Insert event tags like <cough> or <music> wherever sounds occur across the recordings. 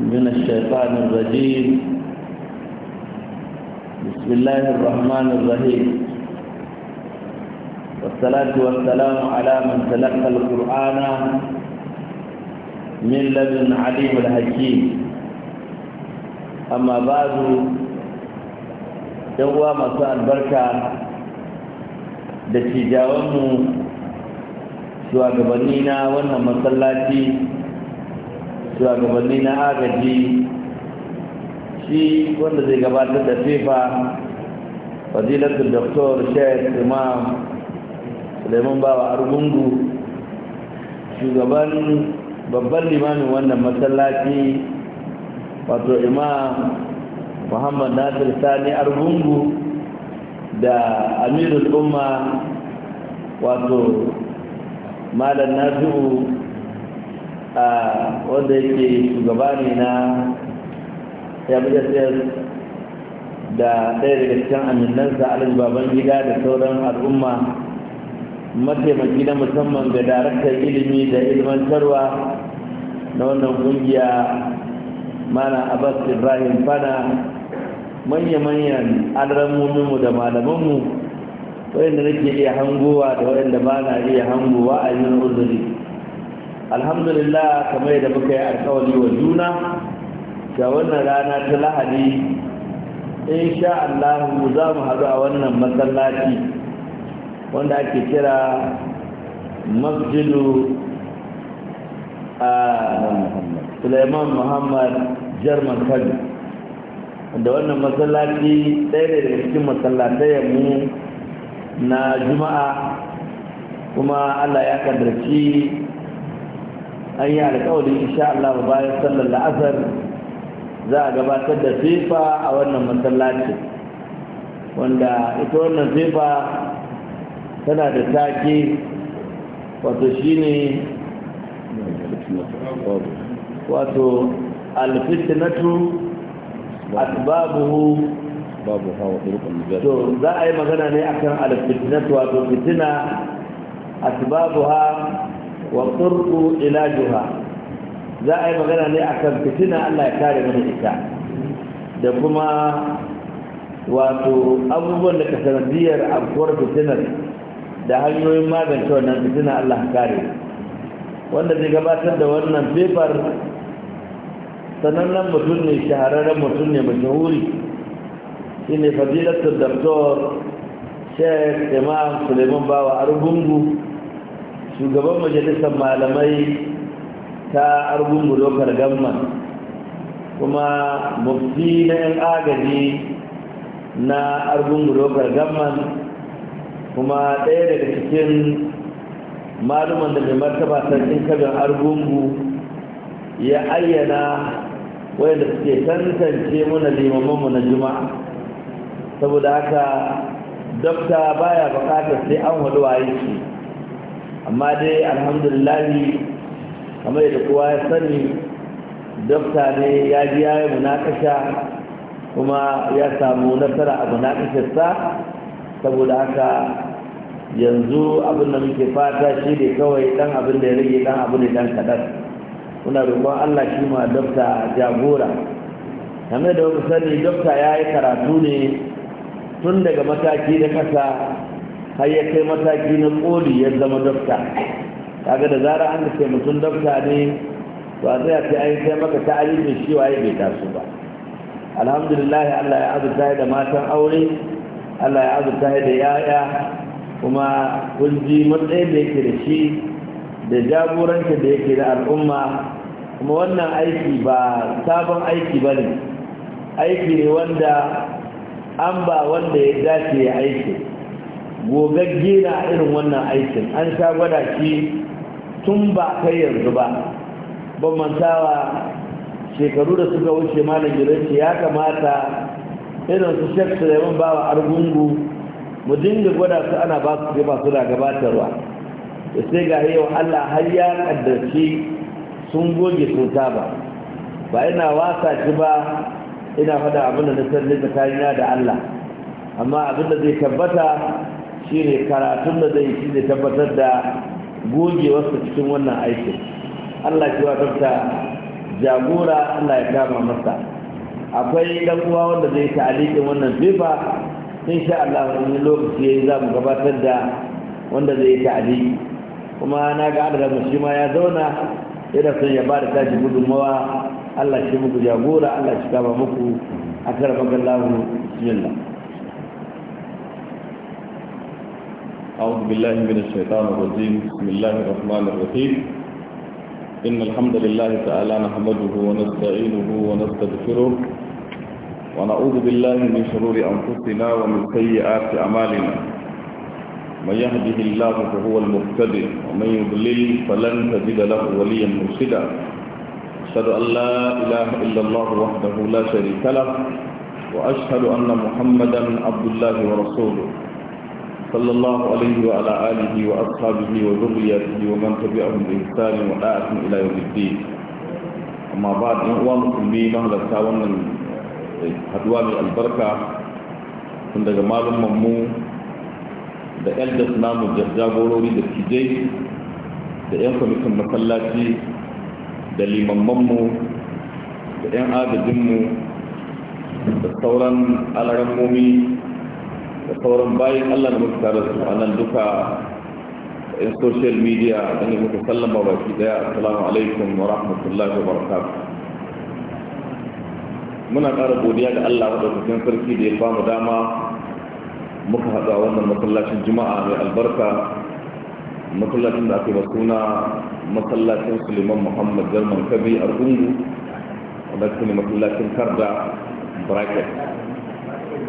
من الشيطان الرجيم بسم الله الرحمن الرحيم والصلاة والسلام على من تلقى القرآن من لدن عليم الحكيم أما بعد يوم مساء البركة da tijawanmu shugabanni na wannan masallaci shugabanni na agaji shi wanda zai gabatar da fifa fadilatul doktor shayar imam suleiman bawa argungu shugaban babban limamin wannan masallaci wato imam muhammad nasir sani argungu da amirul umma wato malam nasiru wanda yake shugaba ne na yabijasiyar da ɗaya daga cikin aminansa alin baban gida da sauran al'umma mataimaki na musamman ga daraktar ilimi da ilmantarwa na wannan kungiya mana abbas ibrahim fana manya-manyan alramuninmu da malamanmu waɗanda nake iya hangowa da waɗanda ba na iya hangowa a yin uzuri alhamdulillah kamar yadda muka yi alkawari wa juna ga wannan rana ta lahadi sha Allah za mu haɗu a wannan masallaci wanda ake kira masjidu a suleiman muhammad jarman kano da wannan masallaci ɗaya ne daga cikin masallatayen mu na juma'a kuma allah ya kadarci an yi alƙawarin insha Allah bayan sallar la'asar za a gabatar da fifa a wannan masallacin wanda ita wannan fifa tana da take wato shine wato alfitnatu asbabuhu babu hawa turkun to za a yi magana ne akan alfitnatu wato fitina asbabuha wa turku ilajuha za a yi magana ne a kan fitina Allah ya kare mana ita da kuma wato abubuwan da kasanadiyar abubuwar fitinar da hanyoyin magance wannan fitina Allah kare wanda zai gabatar da wannan fefar sanannen mutum ne shahararren mutum ne mashahuri shi ne fadilatul doktor sheikh imam suleiman bawa argungu shugaban majalisar malamai ta argungu lokar gamman kuma mafi na yan agaji na argungu lokar gamman kuma ɗaya daga cikin maluman da mai martaba sarkin kabin argungu ya ayyana wayanda suke tantance muna limamanmu na juma'a saboda haka dokta baya bukatar sai an hudu waye amma dai alhamdulillahi kamar da kowa ya sani dokta ne ya ji ya yi munakasha kuma ya samu nasara a munakashinsa saboda haka yanzu abin da muke fata shi ne kawai dan abin da ya rage dan abu ne dan kaɗan muna roƙon allah shi ma dokta jagora kamar da wani sani dokta ya yi karatu ne tun daga mataki na kasa har ya kai mataki na koli ya zama dafta kaga da zara an ce mutum dafta ne ba zai a ce an sai maka ta'alimin shi waye bai taso ba alhamdulillah Allah ya azurta da matan aure Allah ya azurta da yaya kuma kun ji matsayin da yake da shi da jagoranta da yake da al'umma kuma wannan aiki ba sabon aiki ba ne aiki ne wanda an ba wanda ya dace ya aiki gogagge na irin wannan aikin an sha gwada shi tun ba kai yanzu ba ban mantawa shekaru da suka wuce malam gidanci ya kamata irin su shek suleiman bawa argungu mu dinga gwada su ana ba su ba su da gabatarwa da sai ga yau allah har ya kaddarci sun goge sun saba ba ina wasa shi ba ina faɗa abin da na sani tsakanina da allah amma abin da zai tabbata shi ne karatun da zai shi da tabbatar da gogewarsa cikin wannan aikin allah shi wa tafta jagora allah ya kama masa akwai dan uwa wanda zai ta alikin wannan fifa sha allah wani lokaci ya yi za mu gabatar da wanda zai ta aliki kuma na ga adadin shi ma ya zauna yana son ya ba da tashi gudunmawa allah shi muku jagora allah shi kama muku a karfafa lahu bismillah أعوذ بالله من الشيطان الرجيم بسم الله الرحمن الرحيم إن الحمد لله تعالى نحمده ونستعينه ونستغفره ونعوذ بالله من شرور أنفسنا ومن سيئات أعمالنا من يهده الله فهو المهتدي ومن يضلل فلن تجد له وليا مرشدا أشهد أن لا إله إلا الله وحده لا شريك له وأشهد أن محمدا عبد الله ورسوله صلى الله عليه وعلى آله وأصحابه وذريته ومن تبعهم بإحسان وداعة إلى يوم الدين أما بعد إخوان المسلمين مهلا تاونا هدوان البركة كنت جمال ممو da elders namu da jagorori da tijai da 'yan kwamitin masallaci da limammanmu da 'yan agajinmu da sauran alarammomi da sauran bayan allah da muka tare su a nan duka in social media an yi muka sallama baki daya assalamu alaikum wa rahmatullahi wa muna kara godiya ga allah maɗaukakin sarki da ya bamu dama muka haɗa wannan masallacin juma'a mai albarka masallacin da ake suna masallacin suleiman muhammad jarman kabi argungu wanda ne masallacin karda bracket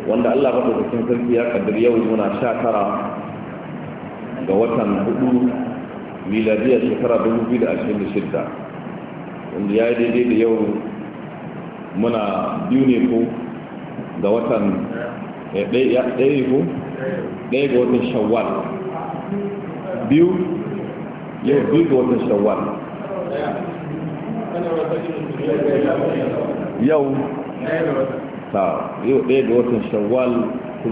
wanda Allah cikin sarki ya kaddari yau muna sha tara ga watan hudu miladiyar shekara 2026 wanda ya yi daidai da yau muna biyu ne ko ga watan eh, ɗaya ko ɗaya ga watan shawwal biyu yau biyu ga watan shawwal yau ta yau ɗaya da watan shawwal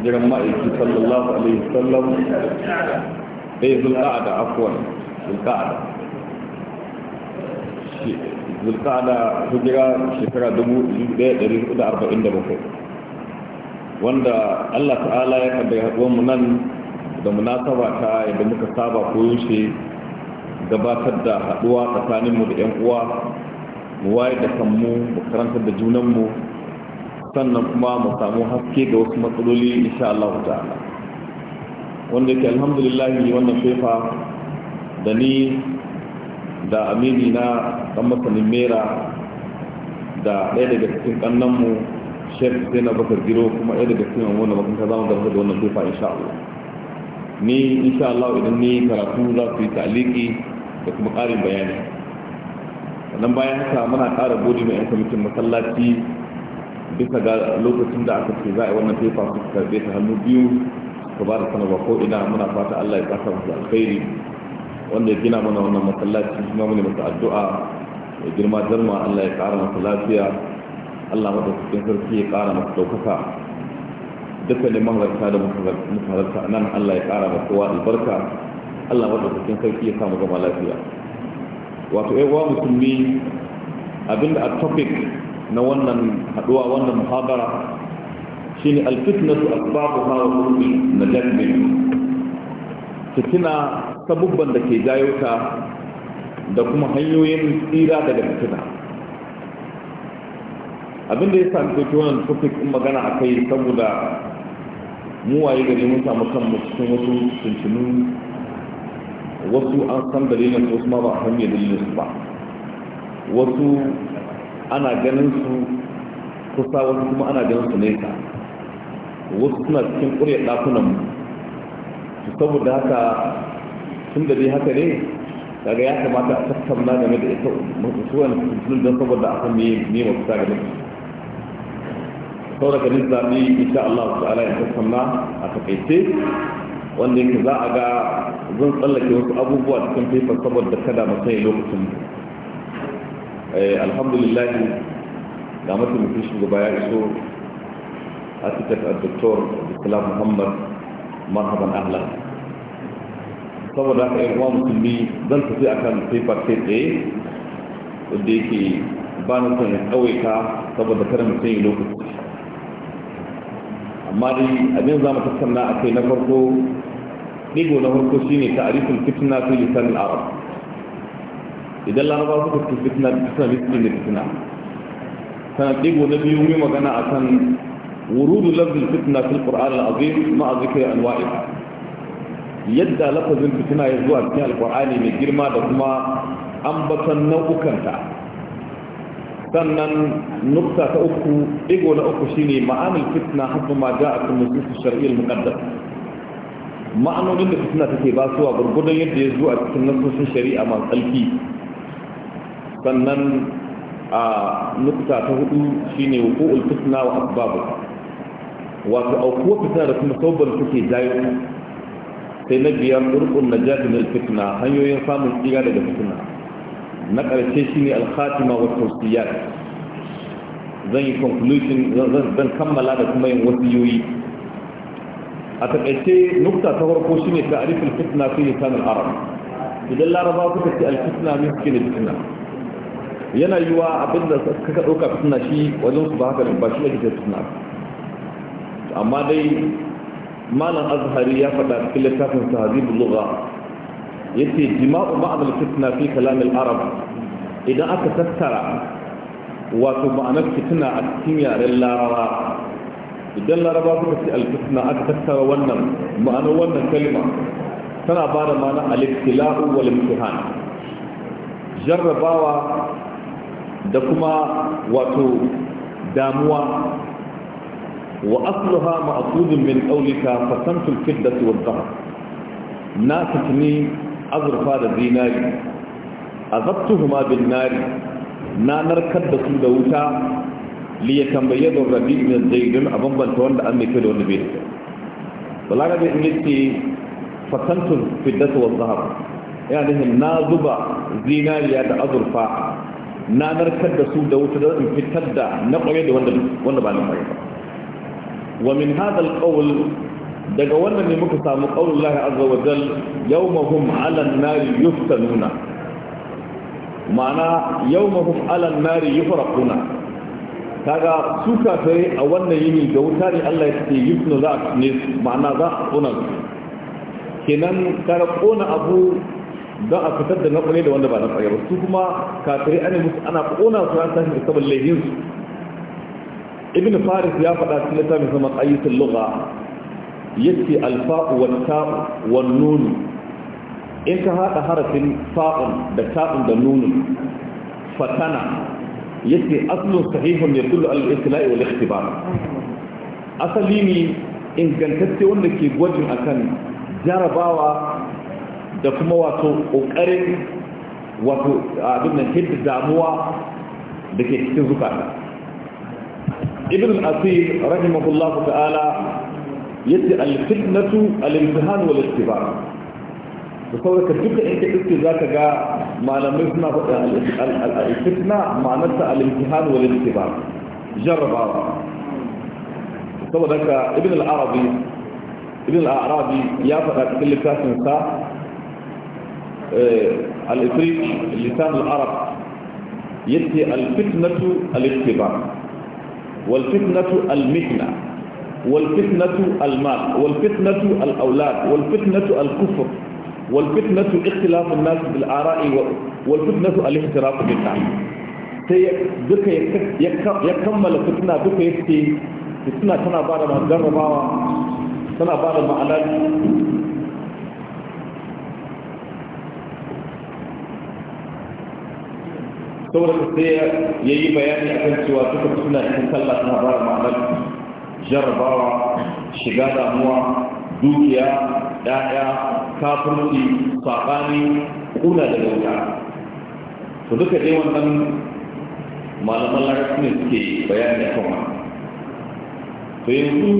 jiran ma'aiki sallallahu alaihi sallam ɗaya da afuwan zulka'ada da hijira shekara 1447 wanda allah ta'ala ya kada haɗuwar mu nan da munasaba ta yadda muka saba koyaushe gabatar da haɗuwa tsakaninmu da 'yan uwa mu wayar da kanmu mu karantar da junanmu sannan kuma mu samu haske ga wasu matsaloli insha Allah ta'ala wanda yake alhamdulillah wannan fefa da ni da amini na dan masanin mera da ɗaya daga cikin mu shek na bakar giro kuma ɗaya daga cikin wannan mutum za mu zarfa da wannan fefa insha Allah ni insha Allah idan ni karatu za su yi taliki da kuma ƙarin bayani sannan bayan haka muna ƙara gode mai 'yan kwamitin masallaci bisa ga lokacin da aka ce za a yi wannan fefa su karbe ta hannu biyu su ba da sanarwa ko ina muna fata Allah ya saka musu alkhairi wanda ya gina mana wannan masallaci kuma ne masa addu'a ya girma jarma Allah ya kara masa lafiya Allah cikin sarki ya kara masa daukaka dukkanin mahalarta da muka halarta nan Allah ya kara masa kowa albarka Allah cikin sarki ya samu gama lafiya wato ƴan uwa ne abinda a topic na wannan haduwa wannan muhabara shi ne alfitnatu asbabu ha wa kuri na fitina sabubban da ke jayo da kuma hanyoyin tsira daga fitina abinda ya sami ɗauki wannan topic in magana a kai saboda mu waye gari mun samu kanmu cikin wasu tuntunu wasu an san dalilin wasu ma ba a hanyar dalilin su ba wasu ana ganin su kusa wasu kuma ana ganin su nesa wasu suna cikin ƙuryar ɗakunan su saboda haka tun da dai haka ne daga ya kamata a tattauna game da ita mutuwan tuntunan don saboda a san me me mafita game da saboda ganin zaɓi insha Allah ala ya tattauna a takaice wanda yake za a ga zan tsallake wasu abubuwa cikin faifar saboda kada mu sai lokacin mu Eh, alhamdulillah ga mataimakin shugaba ya iso asikat al-doktor abdulsalam muhammad marhaban ahlan saboda haka yan uwa musulmi zan tafi akan paper kai da wanda yake ba na son ya saboda kada mu yi lokaci amma dai abin za mu tattauna a kai na farko ɗigo na farko shine ta'arifin fitna fi lisan al-arab idan laraba suka fi fitna da fitna miskin da fitna sana ɗigo na biyu mai magana a kan wurudu lafzin fitna fil qur'an al-azim ma a zikir anwa'i yadda lafazin fitna ya zuwa cikin alqur'ani mai girma da kuma ambatan nau'ukanta sannan nukta ta uku ɗigo na uku shine ma'anin fitna hafa ma ja'a kun nusus shar'iyyar muqaddas ma'anonin da fitna take ba suwa gurgudan yadda ya zuwa cikin nasosin shari'a masu tsalki sannan a nukta ta hudu shine wuqu'ul fitna wa asbabu wato aukuwa fitina da kuma sabban suke jayo sai na biyar turqun na min alfitina, hanyoyin samun tsira daga fitina, na karshe shi ne khatima wa tawsiyat zan yi conclusion zan kammala da kuma yin wasu yoyi, a takaice nukta ta farko shine ta'rifin fitina fi lisan al-arab idan laraba suka ce al-fitna da fitina. yana yiwa abin da suka ɗauka fitina shi wajen su ba haka ba shi ne kake fitina. amma dai malam azhari ya faɗa cikin littafin sa hazibul Ya ce jima'u ma'amal fitna fi kalam al-arab idan aka tattara wato ma'anar fitina a cikin yaren laraba idan laraba suka ce al-fitna aka tattara wannan ma'anar wannan kalma tana ba da ma'anar al-ibtila'u wal imtihan jarrabawa da kuma wato damuwa wa asluha ma'qudun min qawlika fatamtu al-fiddati wal-dhahab na tutni azurfa da zinari azabtuhuma bin nari na narkar da su da wuta li yatambayyadu rabi min zaidun a bambanta wanda an nufi da wanda bai da balaga da in yace fatamtu al-fiddati wal-dhahab yana na zuba zinariya da azurfa na narkar da su da wuta da in fitar da na kwaye da wanda wanda ba na kwaye ba wa min hadha alqawl daga wannan ne muka samu qaulullah azza wa jal yawmahum ala an-nar yuftanuna ma'ana yawmahum ala an-nar yufraquna kaga su kafirai a wannan yini da wuta ne Allah ya ce yufnu za a ne ma'ana za a kona su kenan kara kona abu don a fitar da na da wanda ba na ba su kuma kafirai ana musu ana kona su an tashi da su ibn faris ya faɗa cikin littafin sama ayyukan lugha yace alfa'u wa ta'u wani nunu in ka haɗa harafin fa'un da ta'un da nunun fatana ce aslun sahihun yadullu al istila'i wa ikhtibar asali ne ingantacce wanda ke gwajin akan jarabawa da kuma wato ƙoƙarin wato abin da hidda damuwa da ke cikin zukata ibn al-asir rahimahullah ta'ala yace al-fitnatu al-imtihan wal istibar da saboda duka in ka iske zaka ga malamai suna faɗa al-fitna ma'anarta al-imtihan wal istibar jarraba saboda ka ibn al-arabi ibn al-arabi ya faɗa cikin littafin sa آه، الإفريق اللسان العرب يأتي الفتنة الاختبار والفتنة المهنة والفتنة المال والفتنة الأولاد والفتنة الكفر والفتنة اختلاف الناس بالآراء والفتنة الاحتراف بالتعليم duka ya يكمل فتنة duka ya فتنة تنا tana ما تجربها تنا tana ما da saboda sai ya yi bayani akan cewa suka fi suna cikin sallah suna ba da ma'anar jarrabawa shiga damuwa dukiya ɗaya kafirci saɓani ƙuna da wuta to duka dai wannan malaman larabci ne suke bayani a wannan to yanzu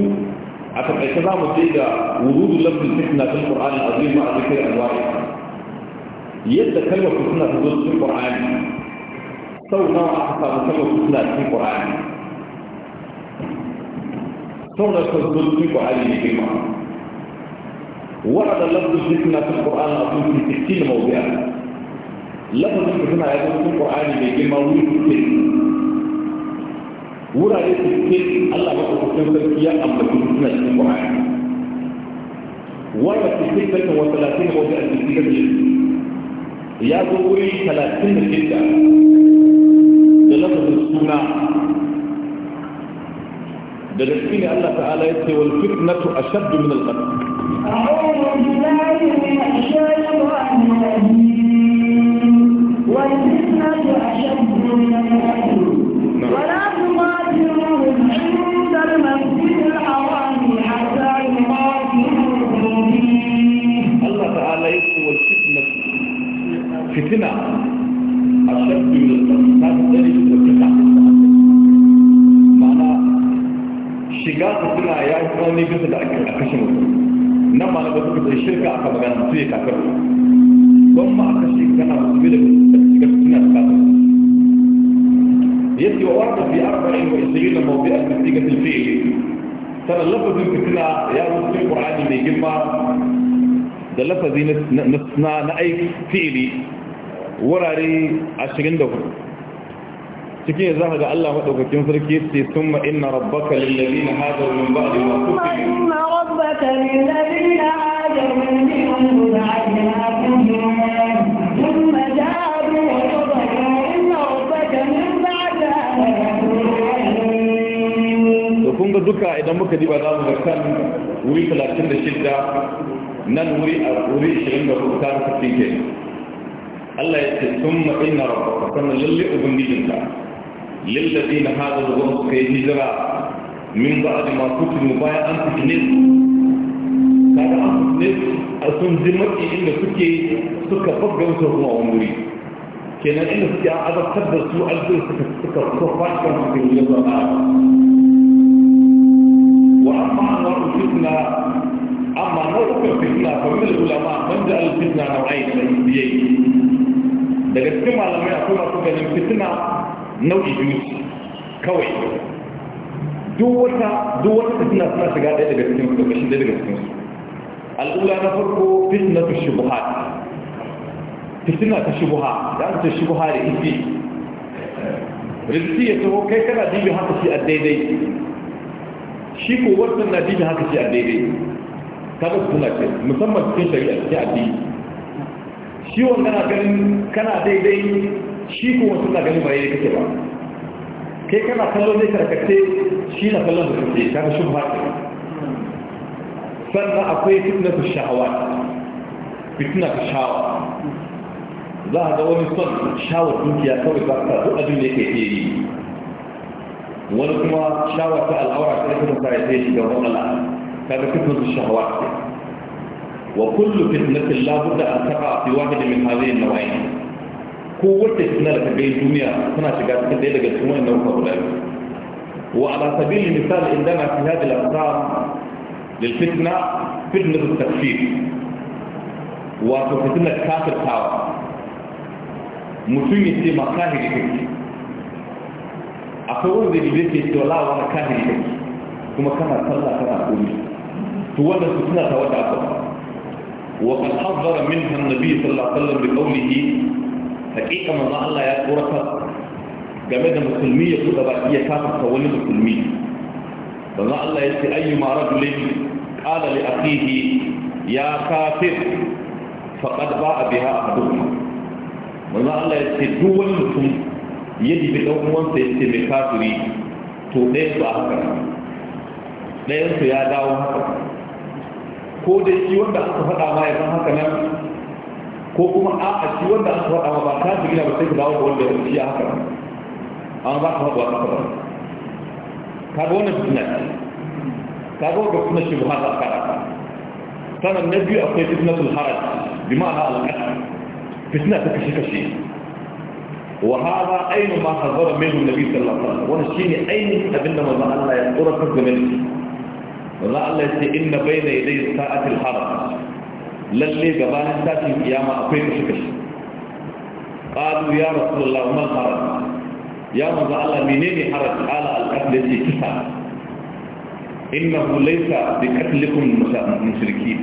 a taƙaice za mu je ga wurudu lafzin fitna fil qur'ani azim ma a zikirin alwa'i yadda kalmar fitna ta zo cikin qur'ani سوي nawa aka samu kalmar suna cikin ƙur'ani sau da kan zo cikin ƙur'ani ne girma ورد لفظ الفتنة في القرآن العظيم في 60 موضع لفظ الفتنة يقول في القرآن بيجمع ويفتن ورد الفتن الله يقول في الفتنة أم في الفتنة في القرآن ورد في الفتنة موضع في يا يقول ثلاثين جدا الفتنة دلسكيني الله تعالى يتي والفتنة أشد من القتل na na aiki fi'ili wurare a cikin za zaka ga Allah maɗaukakin sarki sun ma'ina rabbaka lillabi na hajar min ba da masu fiye kunga duka idan muka diba za mu ga kan wuri 36 nan wuri a wuri 24 ta ta ke Allah ya ce summa inna rabbaka kana lalle ubangijinka lilladina hada da gwamnati kai hijira min ba'd ma kutimu bayan an fitine su kaga an fitine su a sun ji maki inda suke suka babga wuta kuma wani wuri kenan inda suke an azabtar da su aljihu suka suka suka fashin su ke ganin fitina nau'i biyu kawai duk wata duk wata fitina suna shiga ɗaya daga cikin ƙarƙashin ɗaya daga cikin su al'ula na farko fitina ta shubuha fitina ta shubuha da an ta shubuha da isi rizki ya taho kai kana dibi haka shi a daidai shi ko wata na dibi haka shi a daidai kaga suna ce musamman cikin shari'a cikin addini shi wanda na ganin kana daidai shi ko mutum na ganin ba yayi kake ba kai kana kallon ne karkace shi na kallon da kake ka ga shubha sannan akwai fitna ta shahawa fitna ta shahawa za a ga wani son shawar dukiya kawai za ka duk abin da yake iya yi wani kuma shawar ta al'aura ta kuma sa ya sai shiga wani kaga fitna ta shahawa وكل فتنة لا بد أن تقع في واحد من هذه النوعين ko wacce suna da kagai duniya suna shiga cikin ɗaya daga cikin wannan nau'uka da biyu wa ala sabili misal indana fi hadi al-asar lil fitna fitna at-takfir wato fitnat kafirtawa mutum ya ce ma kahiri kake akwai wanda ya ke cewa lawa na kahiri kake kuma kana sallah kana komi to wannan fitna ta wata aka wa qad hadara minha an-nabi sallallahu alaihi wasallam bi qawlihi hakika manzo Allah ya tsorata game da musulmi ya buɗe baki ya kafa wani musulmi manzo Allah ya ce ayyuma rajulin qala li akhihi ya kafir faqad ba'a biha ahaduhum manzo Allah ya ce duk wani mutum ya bi dan uwansa ya ce mai kafiri to ɗayan ba a haka dayan su ya dawo haka ko dai shi wanda aka faɗa ma ya san haka nan ko kuma a shi wanda aka faɗa ba ta fi gina ba sai ku dawo da wanda ya shi haka an za ka faɗa ba ka ga wannan fitina ce ka ga wanda fitina shi ba ta fara sannan na biyu akwai fitinatul haraj bi na alƙasa fitina ta kashe kashe وهذا أين ما حضر منه النبي صلى الله عليه وسلم ونشيني أين أبنى مضى الله يقرأ كذب منه مضى الله يقول إن بين يدي الساعة الحرب lalle gabanin tashin kiyama akwai kashe kashe qalu ya rasulullah ma haraj ya manzo Allah menene haraj ala al-qatl yake kisa innahu laysa bi qatlikum mushrikin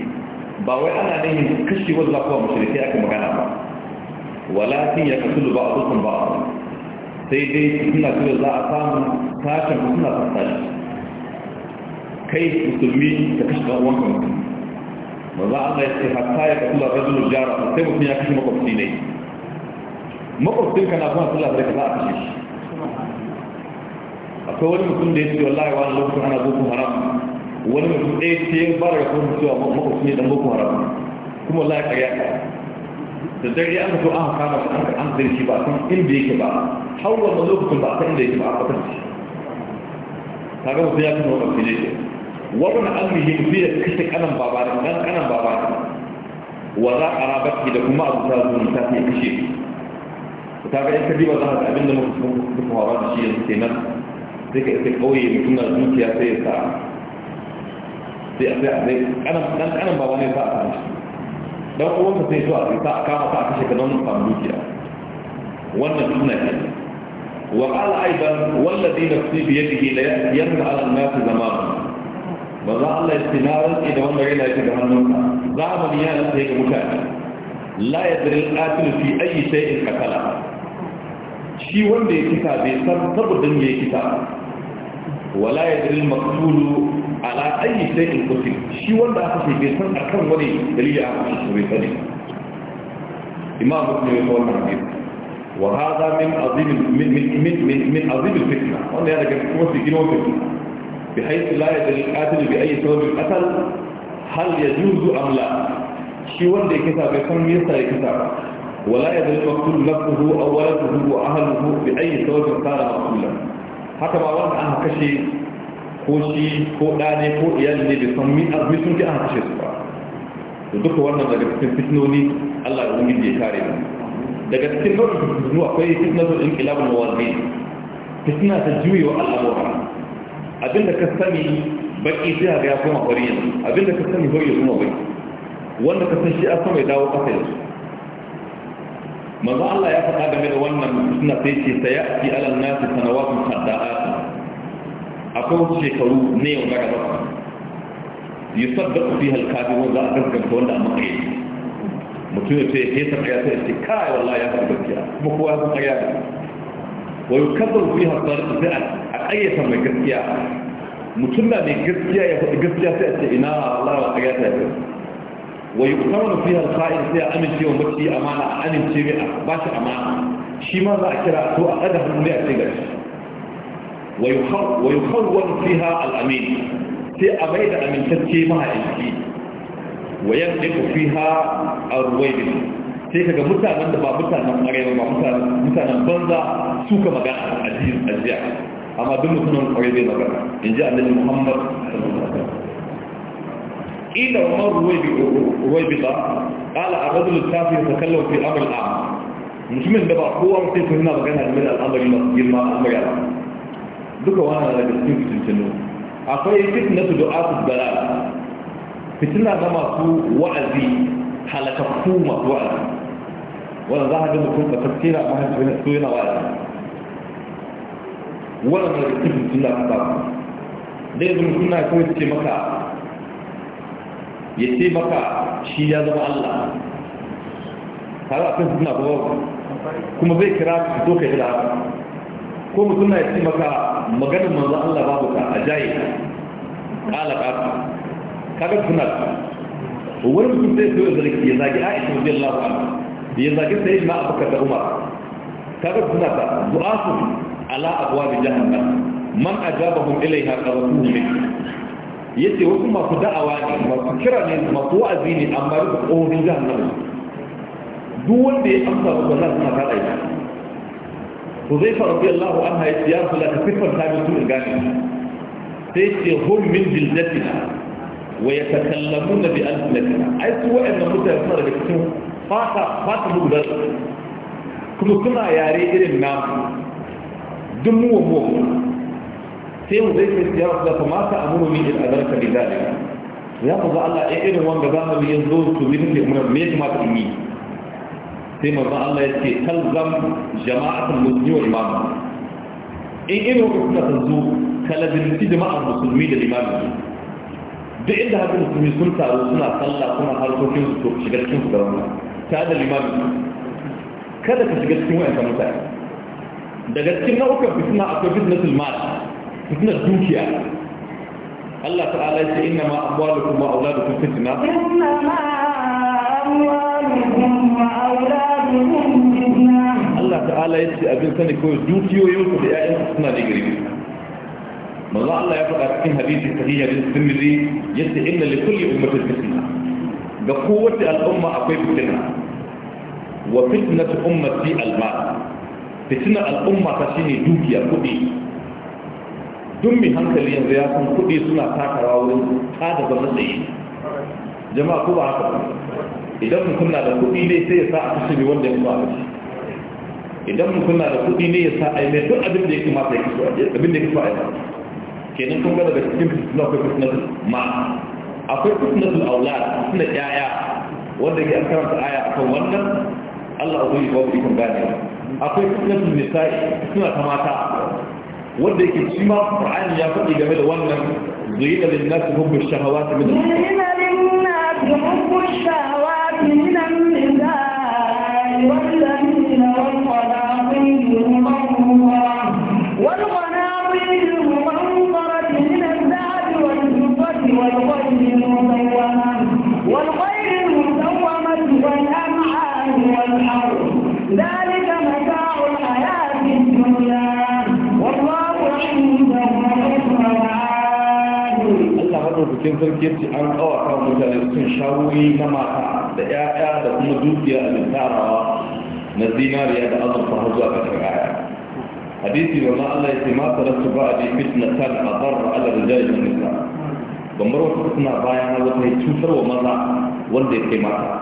ba wai ana nihin kashe wanda kuma mushrike aka magana ba walakin ya kasulu ba'dukum ba'd sai dai suna cewa za a samu tashin suna tashi kai musulmi da kashe ɗan uwanka musulmi maza Allah ya ce hatta ya kasu da rajulun jara sai mutum ya kashe makwabci ne makwabcin ka na zuwa sallah sai ka za a kashe shi akwai wani mutum da ya ce wallahi wani lokacin ana kuma haram wani mutum da ya ce ba da ga kuma cewa makwabci ne dan boko haram kuma wallahi ƙarya ka da dare an so aka kama shi aka an zai ba san inda yake ba har wannan lokacin ba san inda yake ba a kasance kaga mutum ya kashe makwabci ne wani yi zai da kashe kanan babanin nan kanan babanin wa za a rabarki da kuma abu ta zuwa ta fiye kashe ta ga yanka ba za a ga abinda muka fara da shi yanzu kenan sai ka isa kauye mutum na dukiya sai ya sa sai a sai a dan kanan babanin sa a kan dan uwanka sai zuwa sai sa a kama sa a kashe ka don samu dukiya wannan suna kenan وقال da والذي نفسي بيده ليأتين على zama ba. ba za Allah ya ce na rantsi da wanda yana ce da hannunka Za zamani ya rantsa ga mutane la ya zirin ƙatil fi ayi sai in katala shi wanda ya kisa bai san saboda ya kisa wala ya zirin maktulu ala ayi sai in kutil shi wanda aka ce bai san akan wani dalili a kan shi bai sani imam muslim ya kawo hadisi وهذا من عظيم min من من من عظيم الفتنه وانا يعني كنت في جنوب الفتنه بحيث لا يدري القاتل بأي سبب القتل هل يجوز أم لا شي وند يكسب كم يسا يكسب ولا يدري المقتول نفسه أو ولده وأهله بأي سبب صار مقتولا haka ba wanda aka kashe ko shi ko ɗa ne ko iyali ne bai san min azumi sun su ba to duka wannan daga cikin fitnoni Allah ya ubangiji ya kare mu daga cikin akwai fitna ta juyewa al'amura abinda ka sani baki zai ga ya kuma fari yanzu abinda ka sani bai zuwa bai wanda ka san shi a sama ya dawo kasa yanzu manzo Allah ya faɗa game da wannan suna sai ce sayati alal nas sanawat sadda'at akwai wasu shekaru ne yau na gaba yusaddaqu fiha al-kadhibun za a gaskanta wanda a yi mutum ya ce hesa kaya sai ce kai wallahi ya faɗa gaskiya kuma kowa ya san kaya ne wa yukazzabu fiha sadiq sai a ayyata mai gaskiya mutum na mai gaskiya ya faɗi gaskiya sai a ce ina Allah wa tsaya ta yi wa yuqtaru fiha al-qa'id sai a amince wa mutum amana a amince mai a ba shi amana shi ma za a kira to a ɗaga hannu ne a ce gashi Wai yukhar wani yukhawwan fiha al-amin sai a mai da amintacce mahaifi wa yandiku fiha ar-ruwayd sai kaga mutanen da ba mutanen arewa ba mutanen banza suka magana a jiya amma duk mutumin kwarai zai magana in ji annabi muhammad قيل عمر رويبطة قال الرجل الكافر يتكلم في الأمر العام مش من دبع قوة وصيف هنا بغينا من الأمر المجال دوكا وانا لا يستيق تنتنو أخوي فتنة دعاة الضلال فتنة دمع سو وعزي حالة كفومة وعزي وانا ظاهر دمع كنت تفكيرا ما هل سوينا وعزي waɗanda da kudin suna ba da yanzu suna kawai ce maka ya ce maka shi ya zama Allah tare a kan suna ba kuma zai kira su zo ka hira ko mutum na ya ce maka maganin manzo Allah babu ka a jaye Kala ƙasa kaga suna wani mutum zai so ya zargi ya zagi aisha radiyallahu anha ya zagi sayyidina abubakar da umar kaga suna ta du'a su ala abwabi jahannam man ajabahum ilayha qaratuhum yace wasu masu da'awa ne masu kira ne masu wa'azi ne amma rufe ƙorin jahannam duk wanda ya amsa su ba za su mata ɗaya ku zai fara biya Allah an haifi ya kula ka siffar ta bi su in gane sai ce hun min jildatina wa ya takallamu na bi alfilatina ai su waɗannan mutane suna daga cikin fata fata mu guda kuma suna yare irin namu جمو ومو سيو زي في السيارة ثلاثة ماسة أمونه من الأدرسة لذلك يقول الله إيه وان جزاها بيزور سبيل اللي أمونه ميت ما تقيمين سي مرضى الله يسكي تلزم جماعة المسلمين والإمام إيه إيه وكيف تتزور كالذي نسي جماعة المسلمين للإمام دي عندها المسلمين سلطة وصنع صلى صنع حالك وكيف تتزور شغل كيف تتزور كهذا الإمام كذا تتزور كيف تتزور daga cikin nau'ukan fitna akwai fitnatul mal fitnar dukiya Allah ta'ala ya ce inna ma amwalukum wa auladukum fitna inna ma amwalukum wa auladukum fitna Allah ta'ala ya ce abin sani kawai dukiyoyin ku da ƴaƴan suna da girbi manzo Allah ya faɗa cikin hadisi sahihi hadisi Tirmidhi yace inna li kulli ummatin fitna ga kowace al'umma akwai fitna wa fitnatu ummati al-mal fitinar al'umma ta shine dukiya kuɗi duk mai hankali yanzu ya san kuɗi suna takawa wurin da zama tsaye jama'a ko ba haka ba idan mutum na da kuɗi ne sai ya sa a kashe wanda ya kuma idan mutum na da kuɗi ne ya sa a yi mai duk abin da ya kamata ya kiso abin da ya kiso a yi kenan kun ga daga cikin fitina akwai fitina ma akwai fitinatul aulad fitina yaya wanda ke an karanta aya akan wannan Allah ubangiji babu ikon ganewa akwai fitnatun nisa'i suna ta mata wanda yake shi ma qur'ani ya faɗi game da wannan zayyana lin nasi hubbu shahawati min zayyana lin nasi hubbu shahawati min an-nisa'i wal-lamina wal-qadar madaukakin sarki ce an kawata mutane sun shawoyi na mata da 'ya'ya da kuma dukiya da tarawa na zinariya da azurfa har zuwa ƙarshen aya hadisi ba Allah ya ce ma sarrafa ba a ji fitnatan a zarra ala rijali da nisa ban bar wata suna bayan na wata cutar wa maza wanda ya kai mata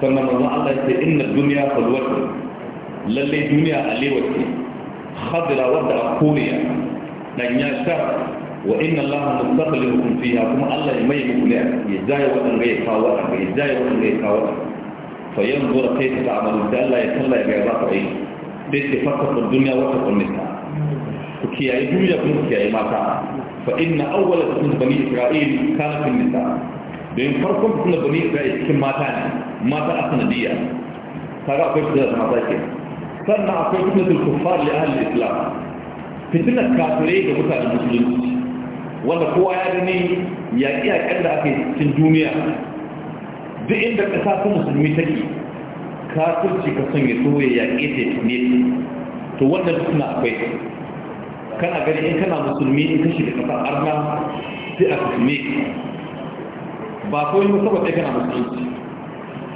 sannan manzo Allah ya ce inna duniya falwatu lalle duniya alewace khadra wadda a koriya dan ya sha wa inna Allah mustaqlikum fiha kuma Allah ya mai muku ya jaya wadanda ya kawo wadanda ya jaya wadanda ya kawo fa yanzur kayfa ta'malu da Allah ya kalla ga za ku yi dai ke da duniya wata kunnita ku kiyaye duniya kuma ku kiyaye mata fa inna awwala sunn bani isra'il kana fil nisa dan farkon sunn bani isra'il cikin mata ne mata a asnadiya kaga akwai da mata ke sannan akwai sunnatul kuffar li ahli islam fitnat kafirai da mutanen musulunci wanda kowa ya gani yaƙi-yaƙen da ake yi cikin duniya duk inda ƙasa ta musulmi take kafirci ka son ya so ya yaƙe ta ne to wannan suna akwai kana gani in kana musulmi in ka shiga ƙasa arna sai a musulmi ba ko yi musamman ɗaya kana musulunci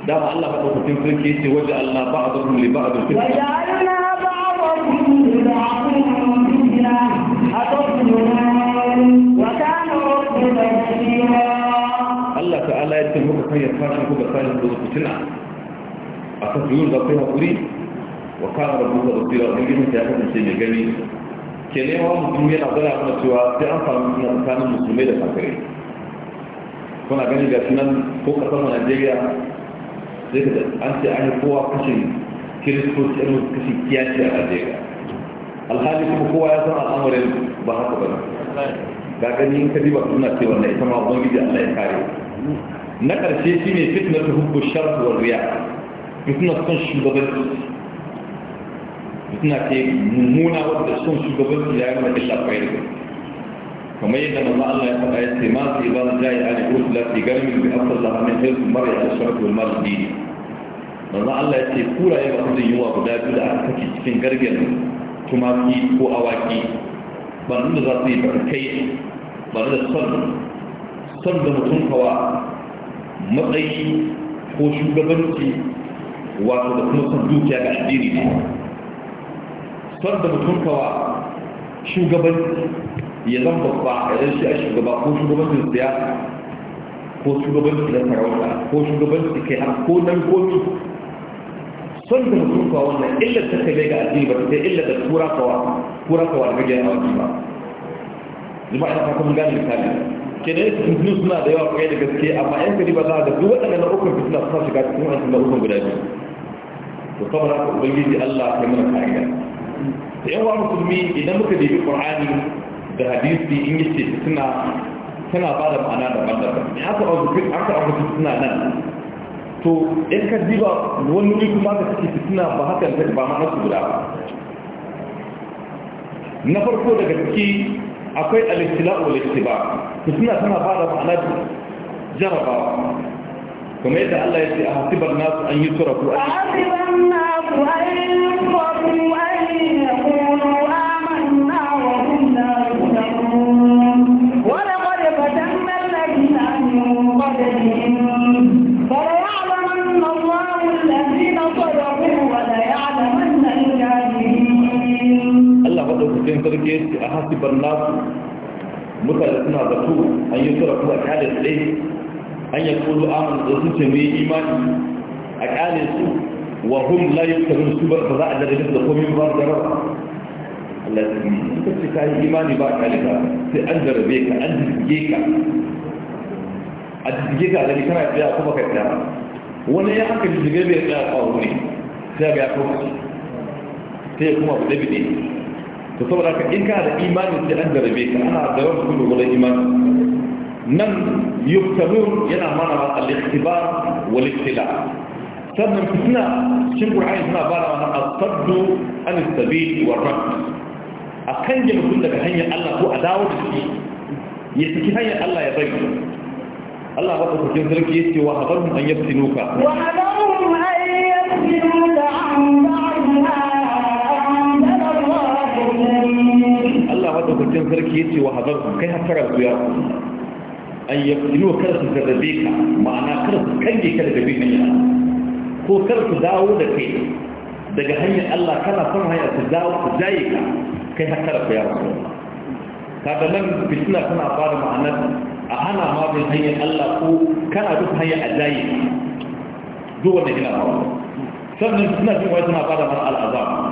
dama Allah ba ɗaukacin sarki ya ce waje Allah ba a zafin liba a zafin wajen Allah ba a zafin liba a zafin ya tashi ku da tsarin da cina a kan su yi da kai hakuri wa kama da kuma da tsira ta yi ya kasance mai gani ke nema wa mutum yana gana kuma cewa sai an samu suna tsakanin musulmai da kafirai kuna gani ga sunan ko kasar mu Najeriya sai ka an ce an yi kowa kashin kiristoci ɗan kashin kiyaci a Najeriya alhali kuma kowa ya san al'amarin ba haka ba ga gani in ka ji ba suna cewa na ita ma ubangiji Allah ya kare na ƙarshe shi ne fitnar ta hukku sharfi wa riya fitnar son shugabanci fitna ce mummuna wadda son shugabanci ya yi mana illa kwayar kamar yadda manzo Allah ya faɗa ya ce ma su idan jayi ali usla fi garmin bi afdallah min haythu mar'a al-sharf wal mal dini manzo Allah ya ce kura ya ba su yiwa guda biyu da aka kake cikin gargen tumaki ko awaki ba da za su yi ba kai ba da son son da mutum kawa matsayi ko shugabanci wato da kuma son dukiya ga addini ne son da mutum kawa shugabanci ya zan babba a zan shi a shugaba ko shugabancin siyasa ko shugabanci na sarauta ko shugabanci kai har ko nan kotu, son da mutum kawa wannan illar ta kai ga addini ba ta illar da tura kawa tura kawa da gajiyar hawa ba jama'a ina kuma mun gane misali kenan fitinu suna da yawa kai da gaske amma yan gari ba za a ga duk waɗannan nau'ukan fitina suna shiga cikin wa'ansu nau'ukan guda biyu to saboda haka ubangiji Allah ya mana kariya da yan wa musulmi idan muka dibi qur'ani da hadisi in yace fitina tana ba da ma'ana da daban-daban in aka abu fitina nan to in ka diba wani wuri kuma ka ciki fitina ba hakan ta ba ma'ana su guda ba na farko daga ciki akwai alistila wa listiba su suna suna fara ma'anar jaraba kuma yadda Allah ya ce a hasibar nasu an yi turaku a hasibar nasu an yi turaku yace a hasiban nasu mutane suna batu an yi tura kuma kyale su ɗai an yi kulu amin da sun ce mai imani a kyale su wa hum la yuktarun su ba za a daga da komai ba da rawa Allah su yi suka ce ka yi imani ba a kyale ka sai an jarabe ka an jirge ka a jirge ka da kana tsaya kuma ka tsaya wani ya haka jirge bai tsaya a wuri sai ga ya kuma sai ya kuma bude bude to saboda ka in ka da imani sai an garabe ka ana gaban ku da gudan imani nan yuftanun yana mana ba al-ikhtibar wal ibtila sannan fitna cikin qur'ani suna bara mana as-saddu an as-sabil wa rad akan ji mutum daga hanyar Allah ko a dawo da shi ya saki hanyar Allah ya bari Allah ba ku cikin sarki yace wa habarhum an yaftinuka wa habarhum an yaftinuka an ba'd madaukakin sarki ce wa hazar kai hafara ku ya an yaktilu kar su zarrabe ka ma'ana kar su kange ka daga bin hanya ko kar su dawo da kai daga hanyar Allah kana son hanya su dawo su jaye ka kai hafara ku Kada rasu kaga nan fitina tana fara ma'anar a hana ma bin hanyar Allah ko kana duk hanyar a jaye duk wanda yana rawa sannan fitina suna fara ma'anar al'azab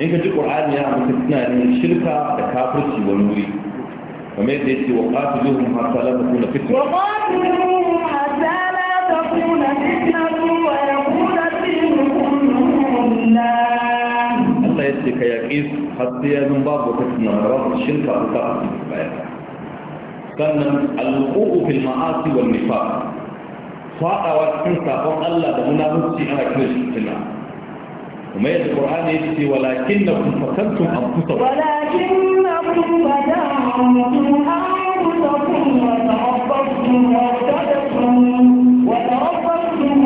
in ka ji qur'ani ya mutu suna ne shirka da kafirci wani wuri kamar yadda yake wa qatiluhum hatta la takuna fitna wa qatiluhum hatta la takuna fitna wa yakuna dinkum lillah Allah yace ka yaqi hatta ya zan babu fitna rabb shirka da kafirci baya sannan al-wuqu fil ma'asi wal nifaq fadawa cikin sabon Allah da munafici ana kiran shi fitna kuma yadda Qur'an ya ce walakin na kun fakantum an kusa walakin na kun an kun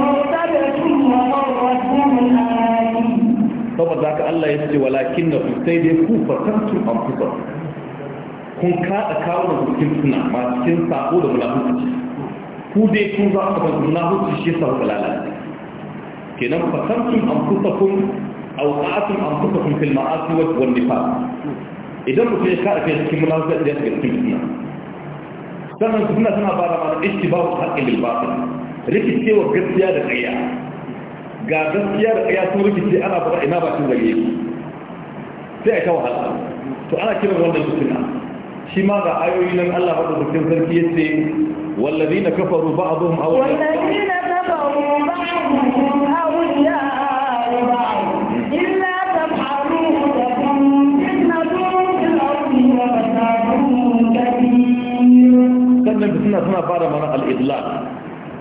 wa saboda haka Allah ya ce walakin na kun sai dai ku fakantum an kusa kun kada kawo da cikin suna masu cikin sako da mulahuci ku dai kun za ku mulahuci shi sa ku lalace kenan fasamtum anfusakum aw qa'atum anfusakum fil ma'asi wal nifaq idan mutum ya ka kai cikin munafiki da ya cikin sunna sannan sunna tana ba da mana istibahu haqqi bil batil rikicewa gaskiya da ƙarya ga gaskiya da ƙarya sun rikice ana fara ina ba cin gare sai a wahala to ana kiran wannan sunna shi ma ga ayoyi nan Allah da madaukakin sarki yace wallazina kafaru ba'dhum awliya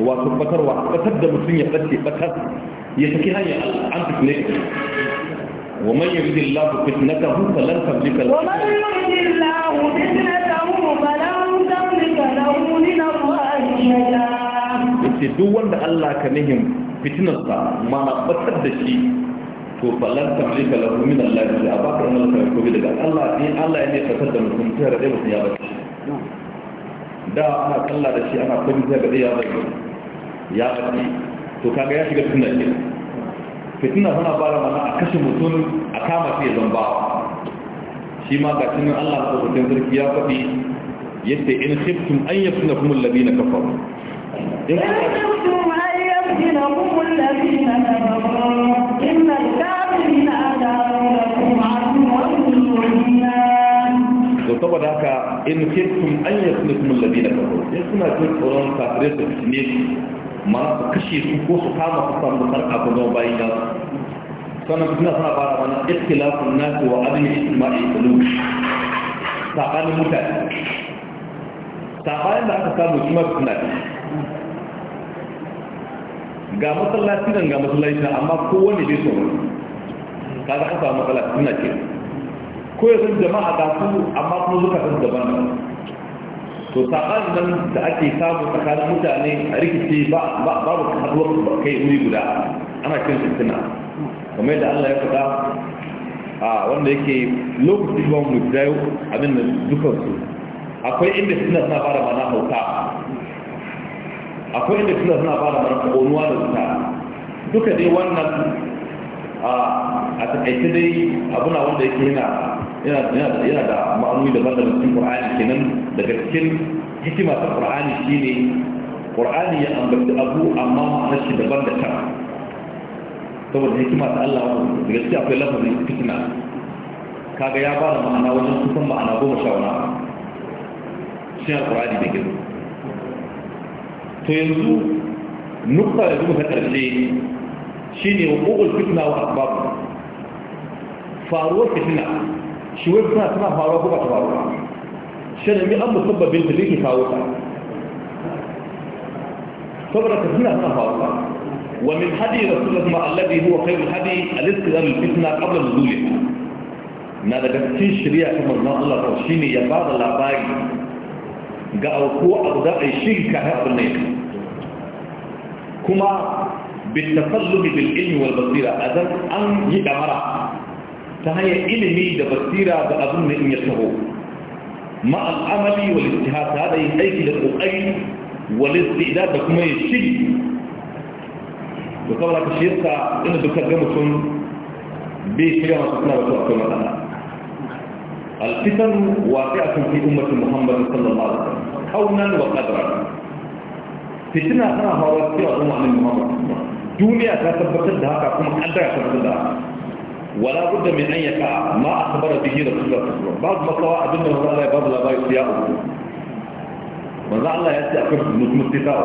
wato batarwa batar da mutum ya bace batar ya saki hanyar an fitne wa man yuridu Allah fitnatahu falan tamlika lahu wa man yuridu Allah fitnatahu falan tamlika lahu min Allah shay'a ce duk wanda Allah ka nihin fitinarsa ma batar da shi to fallan tamri ka lahu min Allah ji a baka in Allah ko daga Allah ne Allah ya ne fatar da mutum ta rade mutum ya bace da ana kalla da shi ana kudi ta rade ya bace ya bace to kaga ya shiga fitina ke fitina tana fara mana a kashe mutum a kama sai zan ba shi ma ga tunan Allah ko mutum sarki ya faɗi yadda in khiftum an yafnakum alladhina kafaru لا ترجو أن يفتنكم الذين كفروا إن الكافرين عذاب لكم عدو to saboda haka in kuntum an yaslukum alladina kafaru in suna jin tsoron kafirai su fitne ma su kashe su ko su kama su samu sarka ko zama bayan da sannan suna suna fara mana ikhtilafun nasu wa adami ijtima'i qulub sabanin mutane sabanin da aka samu kuma suna ga masallaci nan ga masallaci nan amma kowane bai sauran ka za ka samu matsala suna ke ko ya san jama'a ta su amma kuma zuka san daban to saɓan nan da ake samu tsakanin mutane a rikici babu haɗuwar kai wuri guda ana cin fitina kamar da Allah ya faɗa a wanda yake lokacin ruwan mu jayo abin da dukansu akwai inda suna suna fara mana hauta akwai inda suna suna fara mara ƙonuwa da wuta duka dai wannan a taƙaice dai abuna wanda yake yana yana da ma'anoni da da cikin ƙur'ani kenan daga cikin hikima ta ƙur'ani shine ƙur'ani ya ambaci abu amma ma'anar shi daban da ta saboda hikima ta Allah daga cikin akwai lafazin fitina, kaga ya ba da ma'ana wajen kusan ma'ana goma sha wani shi ƙur'ani da gizo to yanzu nukta da muka karshe shine hukukul fitna wa asbabu faruwar fitna shi wai fitna tana faruwa ko ba ta faruwa shi ne mi an musabbabin da yake kawo ta saboda ka fitna tana faruwa wa min hadi rasulullah alladhi huwa khayrul hadi al-istidlal fitna qabla nuzulha na daga cikin shari'a ta manzon Allah ko shine ya ba da labari ga auku abu da ai shirka har abin ne kuma bitasallumi bil ilmi wal basira azan an yi damara ta hanyar ilimi da basira da abin da in ya taho ma al'amali wal ijtihad ta da yin aiki da kokari wal istidad da kuma yin shiri to kawai ka shi yasa ina duka ga mutum bai shiga masu suna wato akwai matsala alfitan wasi'atun fi ummatin muhammad sallallahu alaihi wasallam kaunan wa qadran fitina tana hawa cikin al'umma annabi muhammad duniya ta tabbatar da haka kuma kaddara ta tabbatar da haka wala budda min an yaka ma akhbara bihi rasulullah sallallahu alaihi wasallam babu makawa abinda manzo Allah ya babu labari ya uku manzo Allah ya ce akwai mutmutita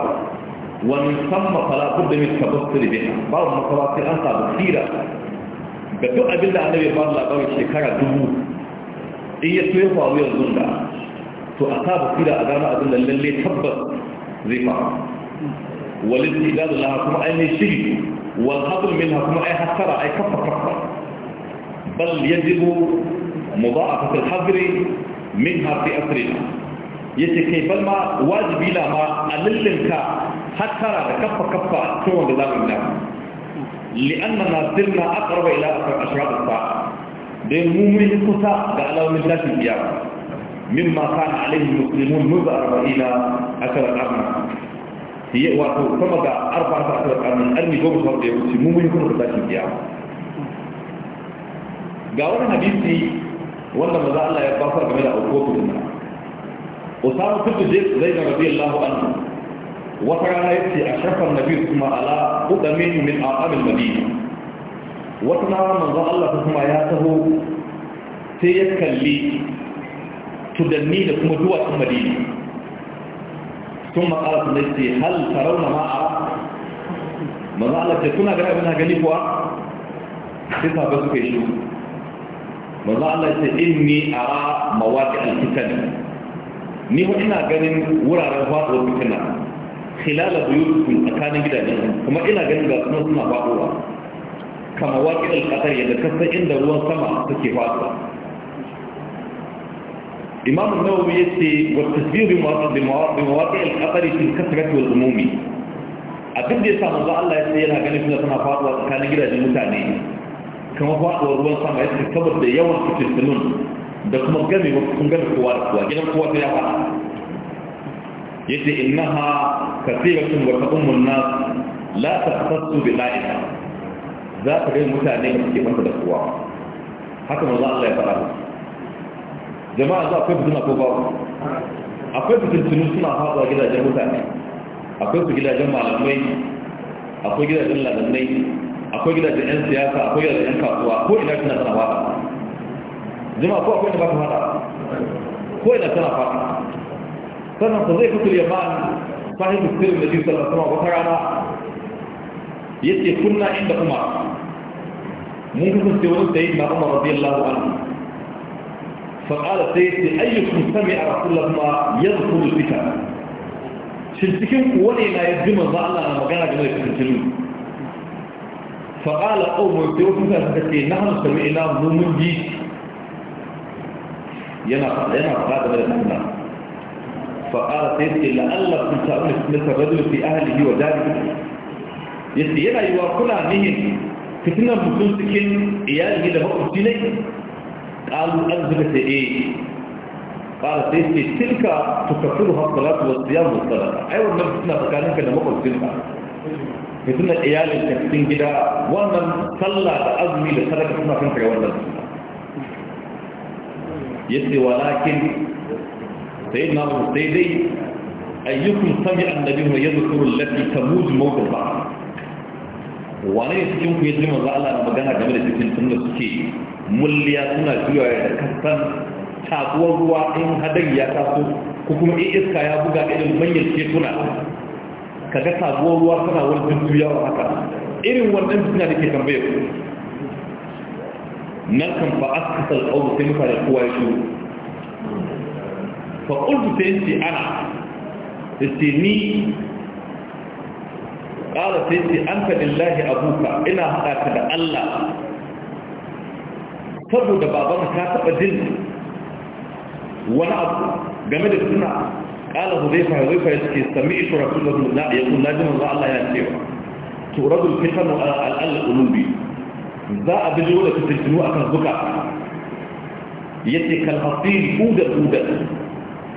ومن ثم فلا بد من التبصر بها بعض المقالات الأنصى بصيرة بدؤ بالله النبي بعض الأقوى الشكارة دمو إن يسوي فاوية الظلة فأقاب بصيرة أدانا أدلة للي تبص ذي فاوة walin idadu laha kuma ai ne shiri wal hadr minha kuma ai hasara ai kafa bal yajibu mudha'afat al hadr minha fi asrina yace kai bal ma wajibi la ma alillinka hasara da kafa kafa to wanda zamu yi لأننا سرنا أقرب إلى أشراط الساعة دين مؤمن كسا قالوا من مما كان عليه المسلمون منذ أربعين أشر الأربعين ya wato sama ga arba ta aka karnin arni goma sha da kuci mu mun kuma tashin biya. ga wani hadisi wanda maza Allah ya basa game da aukotu din nan Usama bin Zaid zai ga radiyallahu anhu wata rana yace a shafar nabi kuma ala udamin min aqamil madina wata rana manzo Allah kuma ya taho sai ya kalli tudanni da kuma duwatsun madina ثم قالت ليتي هل ترون ما أرى ما قالت كنا قرأنا قليب وأرى كيف بسك يشوف ما قالت إني أرى مواقع الفتن ni wa ina ganin wuraren faɗuwar fitina khilala buyutukum tsakanin gidaje kuma ina ganin ga suna faɗuwa kama waƙi alƙasar yadda kasan inda ruwan sama take faɗuwa imam nawawi yace wa tasbih bi mawaqi' bi mawaqi' al-qadri fi kasrati wal umumi abin da yasa manzo Allah yace yana ganin suna tana faduwa tsakanin gidajen mutane kuma faduwar ruwan sama yace kabar da yawan fitinun da kuma gami wa kun gami da kowa gidan kowa ta yafa yace innaha kathiratun wa ta'ummun nas la taqtasu bi la'ita za ta ga mutane suke manta da kowa haka manzo Allah ya faɗa jama'a za akwai fitina ko babu akwai fitintunu suna haɗuwa gidajen mutane akwai su gidajen malamai akwai gidajen ladannai akwai gidajen 'yan siyasa akwai gidajen 'yan kasuwa ko ina tana tana fada jama'a ko akwai da ba ta fada ko ina tana fada sannan ku zai fitul yaman sahibu sirrin da jin sallar sama wata rana ya ce kunna inda kuma mun kasance wani sayi na umar radiyallahu anhu faƙala sai ce sami a rasulullah ma ya zuku fita shin cikin kuwa ne na ya ji manzo Allah na magana game da fitintunu faƙala ƙaunar sai wasu sa suka ce na hannu ina mun ji yana faɗa yana faɗa da Allah faƙala sai ce la'allah kun ta'amuna wa iyali da makwabci ne قالوا أنزل إيه قال سيسي تلك تكفرها الصلاة والصيام والصلاة أيوة نفسنا فكانك لما قلت تلك فتنا إيال الكفتين جدا ومن صلى أزمي لصدق سنة فنك يوانا يسي ولكن سيدنا أبو سيدي أيكم سمع النبي ويذكر التي تموت موت البعض wane ne cikin ku ya ji manzo Allah na magana game da cikin sunna suke mulliya suna juyawa da kasan tabuwar ruwa in hadari ya taso ko kuma in iska ya buga irin manyan tekuna kaga tabuwar ruwa suna wani tuntuya haka irin wannan suna da ke tambaye ku nan kan fa al al'auru sai da kowa ya shiru fa ƙulfu sai ce ana da ni ƙara sai ce an ka lillahi abuka ina haɗa ka da Allah saboda babanka ta taɓa jin wani abu game da suna ƙala huzaifa huzaifa ya suke sami ishi rasulun na ya kun laji manzo Allah ya cewa turadul fitanu al'al ulubi za a bi da fitinu kan zuka yace kal hasiri udar udar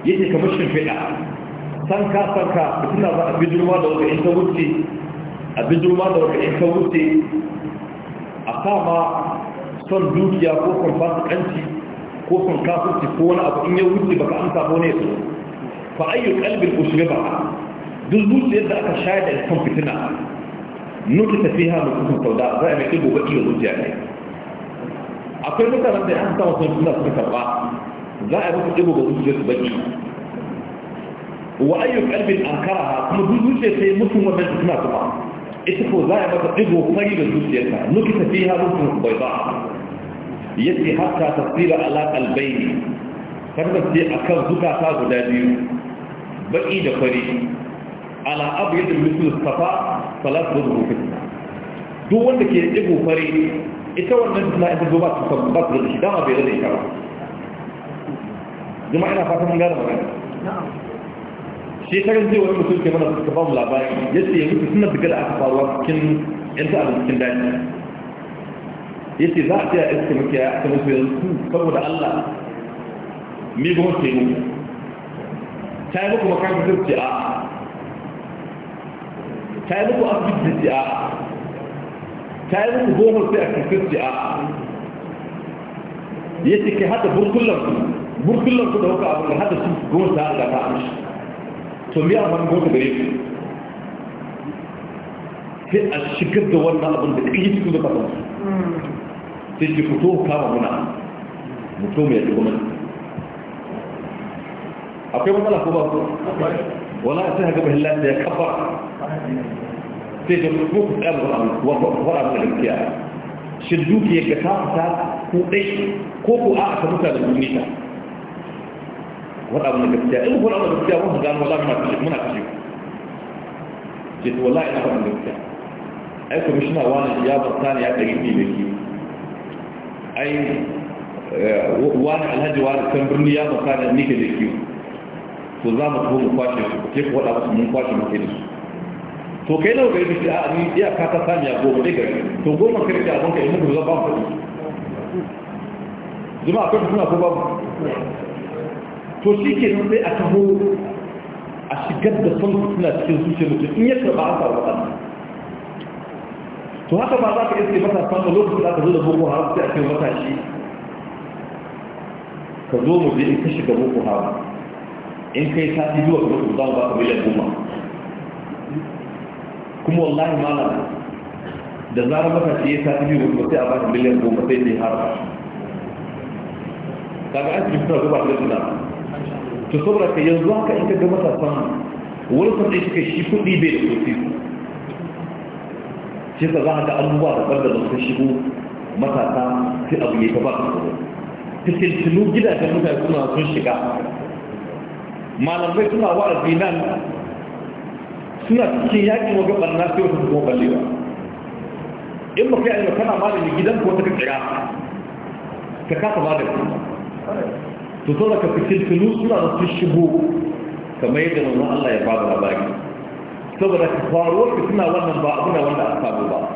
yace kamar shimfiɗa san ka san ka suna za a bi bijirwa da wata in ta wuce a bijirma da wata in ka wuce a kama son dukiya ko kan fasikanci ko kan kafirci ko wani abu in ya wuce baka amsa ko ne su fa ayyu qalbin ushriba duk zuciyar da aka shayar da kan fitina nuka tafiya mai kusan sauda za a mai kai gobe iya zuciya ne akwai mutanen da an samu sun suna suka karba za a rufe ɗigo ga zuciyar su baki wa ayyuk albin an kara kuma duk zuciya sai mutum wannan suna su ba ita ko za a mata ɗigo fari da zuciyarta nuki ta fiha rufin bai ba yace hatta tasira ala qalbayni tarbace akan zukata guda biyu baki da fari ala abyad mithl safa salat dhuhur fitna duk wanda ke ɗigo fari ita wannan fitna ita ba ta ba da shi dama bai rade ta ba jama'a ina fatan mun gane magana shekaran zai wani mutum ke mana suka ba mu labari ya ce yanzu suna daga da aka faruwa cikin yan ta'adun cikin daji ya ce za a tsaya yan suka muke aka mutu yanzu saboda allah me ba wata yi mutu ta yi muku makarantar zirce a ta yi muku asibiti zirce a ta yi muku gomar sai a kan zirce a ya ce kai hada burkullanku burkullanku da wuka abin da hada su gomar ta a to mi amma ko gare ku sai a shigar da wannan abin da kike cikin da kasan sai ki fito kama muna mutum ya dubu gwamnati akwai matsala ko ba ku wala sai ga bahilla da ya kafa sai da ku ku tsaya da wa wa da gaskiya shi duki ya ka ta ko dai ko ko a ka mutane duniya faɗa mana gaskiya in faɗa mana gaskiya mun gano wallahi muna kashe muna kashe ce to wallahi ina faɗa gaskiya ai commissioner wani ya barta ne ya ɗari ne da ke ai wani alhaji wani kan birni ya barta ne nike da ke to za mu tafi mu kwashe su ke ku faɗa musu mun kwashe mu ke da su to kai nawa gari da a ni iya ka ta sami ya goma dai gari to goma ka rike abin ka yi muku zaba ku zuma akwai suna ko babu to shi ke sai a taho a shigar da son suna cikin zuciyar mutum in ya karɓa a faru waɗanda to haka ba za ka iske matasa a lokacin da aka zo da boko haram sai a kai matashi ka zo mu je in ka shiga boko haram in kai fi zuwa kuma kuma za mu ba ka miliyan goma kuma wallahi mala da zarar matashi ya sati biyu ba sai a ba ka miliyan goma sai dai haram kaga an cikin suna zuba da suna to saboda ka yanzu haka in ka ga matasan wani kwanne suka shi kuɗi bai da kuɗi shi ka za a ga abubuwa da ɓar da su shigo matasa sai abu ne ta ba su tsoro fitintinu gidajen mutane suna sun shiga malamai suna wa nan suna cikin yakin waga na sai wata kuma ballewa in ba kai ayyuka kana malami gidan ko ta kira ta kasa magani تترك في تلك الفلوس في الشبوك فما يدر ان الله يبعد رباك تبرك وقت كنا ولا بعضنا ولا اصحاب بعض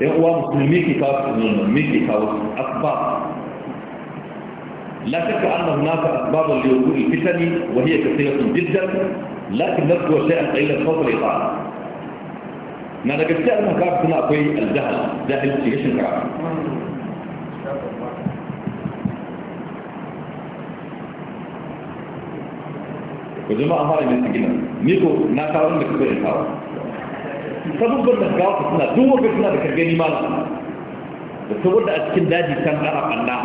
يقوى مسلميكي كاوس ميكي كاوس أسباب لا شك أن هناك أسباب لوجود الفتن وهي كثيرة جدا لكن نذكر شيئا قليلا فوق الإطاعة نحن قد جاءنا كاوس هنا أقوي الجهل جاهل شيء كاوس ka zama a fara yin gina ni ko na kawo da kuka yin kawo sabubban da kawo suna duk wanda suna da kargani ma da saboda a cikin daji can ɗara ɓanna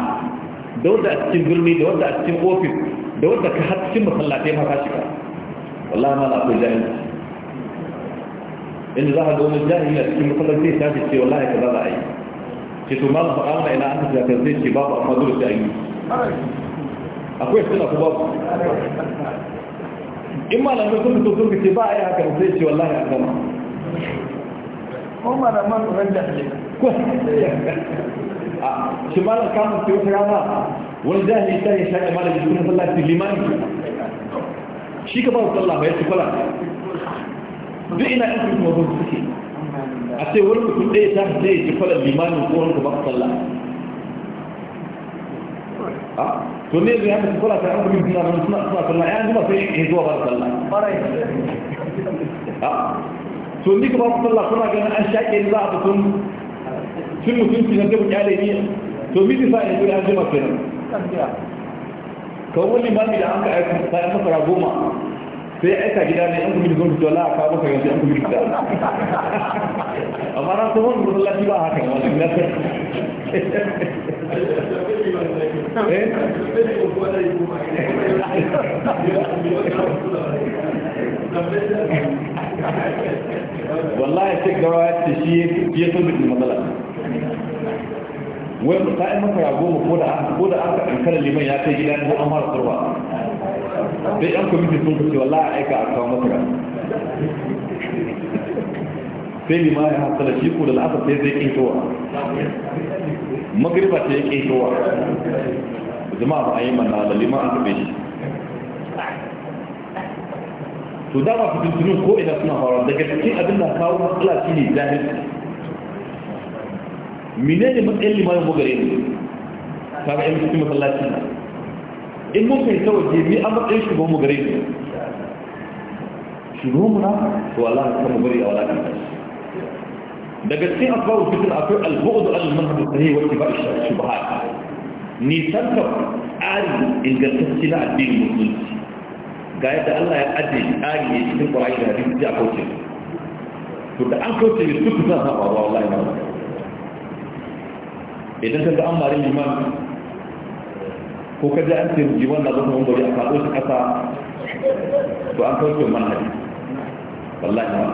da wanda a cikin birni da wanda a cikin ofis da wanda ka har cikin masallatai ma ka shiga wallahi ma na akwai jahilci inda za ka ga wani jahili a cikin masallatai ta ce wallahi ka za a yi ce to ma faɗa mana ina an ta zai ce babu amma dole sai an yi akwai suna ku babu in ma lafi sun fito sun fice ba a yi haka da zai ce wallahi a gama ko malaman tsoron jahilai ko a shi malam kamun ke wata rama wani jahilai ta yi shaƙi malam jikin masallaci limani shi ka ba su sallah ba ya ci kula duk ina in kuma ba suke a ce wani mutum ɗaya ta ce ya ci kula limanin ko wani ba sallah Ah, to ne zai haka kula ta an gurin suna suna suna sallah ya zuwa sai ya zuwa ba sallah ah, to ni ka ba ku sallah kuna ganin an shaƙe ni za a fitun sun mutunci na zai kyale ni to miji sa in gudu an jima kenan kawo wani mami da an ka aika sai an masara goma sai aika gida ne an kuma zuwa zuwa la kawo baka yanzu an kuma gida amma ran kuma wani masallaci ba haka wani Eh? wallahi ce gawa ya ce shi ya so da matsala wani ta yi maka rago ko da an ko da an ka kankara liman ya kai gida ko an fara kurba sai an kwamiti sun kuce wallahi aika a kawo maka sai lima ya hasala shi ko da la'asar sai zai ƙetowa magriba ta ya ƙetowa jama'a ba a yi mana da lima an taɓe shi to dama fitintunin ko ina suna faruwa daga cikin abin da kawo matsala shi ne jahilci menene matsayin limanin mugare ne ta ga yan cikin masallaci in mun kai ta waje ni an matsayin shugaban mugare ne shugaban mu na to Allah ya kama bari a wadatar daga cikin asbabu fitin akwai al-bu'd al-manhaj sahih wa ittiba' ash-shubuhat ni tanka ari ingantacci na addinin musulunci ga yadda Allah ya ajiye ari ne cikin Qur'ani da hadisi a kauce to da an kauce ne duk za ta faruwa wallahi na idan ka ga an mare liman ko ka ji an ce liman na zama mun bari a kaɗo shi kasa to an kauce manhaji wallahi na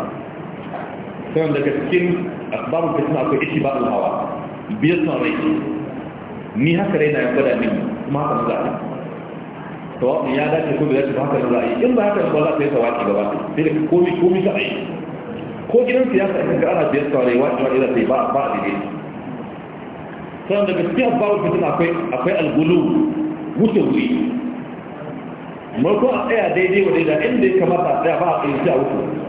sai wanda cikin babu fitina akwai ishi ba hawa biyar son rai ni haka rai na ya gwada mini kuma haka za a tawafin ya dace ko bai ba haka za a yi in ba haka ba za ta yi tawaki gaba sai da komi komi za a yi ko gidan siyasa in gara biyar son rai wani wani za ta yi ba a daidai sannan daga cikin babu fitin akwai algulu wuce wuri mako a tsaya daidai wa daidai inda ya kamata a tsaya ba a tsaye a wuce